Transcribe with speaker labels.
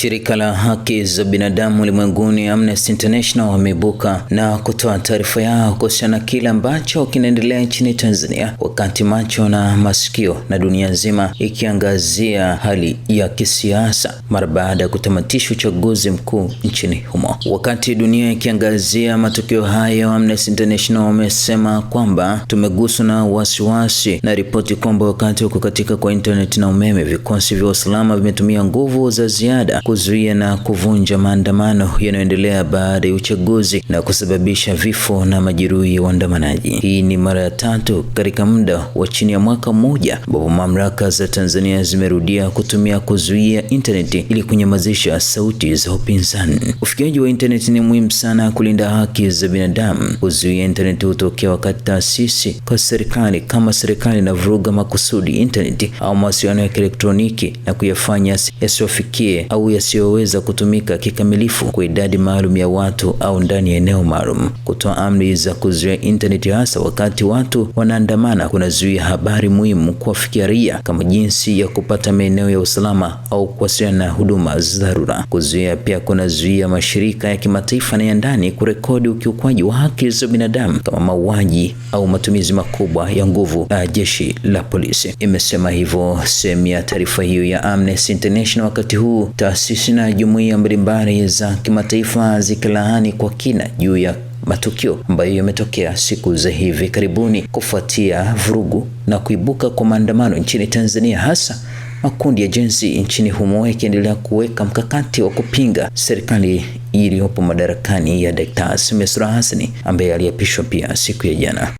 Speaker 1: Shirika la haki za binadamu ulimwenguni Amnesty International wameibuka na kutoa taarifa yao kuhusiana na kile ambacho kinaendelea nchini Tanzania, wakati macho na masikio na dunia nzima ikiangazia hali ya kisiasa mara baada ya kutamatisha uchaguzi mkuu nchini humo. Wakati dunia ikiangazia matukio hayo, Amnesty International wamesema kwamba tumeguswa na wasiwasi na ripoti kwamba wakati wa katika kwa internet na umeme, vikosi vya usalama vimetumia nguvu za ziada kuzuia na kuvunja maandamano yanayoendelea baada ya uchaguzi na kusababisha vifo na majeruhi ya waandamanaji. Hii ni mara ya tatu katika muda wa chini ya mwaka mmoja ambapo mamlaka za Tanzania zimerudia kutumia kuzuia intaneti ili kunyamazisha sauti za upinzani. Ufikiaji wa intaneti ni muhimu sana kulinda haki za binadamu. Kuzuia intaneti hutokea wakati taasisi kwa serikali kama serikali inavuruga makusudi intaneti au mawasiliano ya kielektroniki na kuyafanya yasiwafikie au ya yasiyoweza kutumika kikamilifu kwa idadi maalum ya watu au ndani ya eneo maalum. Kutoa amri za kuzuia intaneti hasa wakati watu wanaandamana kunazuia habari muhimu kuwafikia raia, kama jinsi ya kupata maeneo ya usalama au kuwasiliana na huduma za dharura. Kuzuia pia kunazuia mashirika ya kimataifa na ya ndani kurekodi ukiukwaji wa haki za binadamu kama mauaji au matumizi makubwa ya nguvu la jeshi la polisi, imesema hivyo sehemu ya taarifa hiyo ya Amnesty International. Wakati huu taasisi taasisi na jumuiya mbalimbali za kimataifa zikilaani kwa kina juu ya matukio ambayo yametokea siku za hivi karibuni kufuatia vurugu na kuibuka kwa maandamano nchini Tanzania, hasa makundi ya jinsi nchini humo yakiendelea kuweka mkakati wa kupinga serikali iliyopo madarakani ya Dkt. Samia Suluhu Hassan ambaye aliapishwa pia siku ya jana.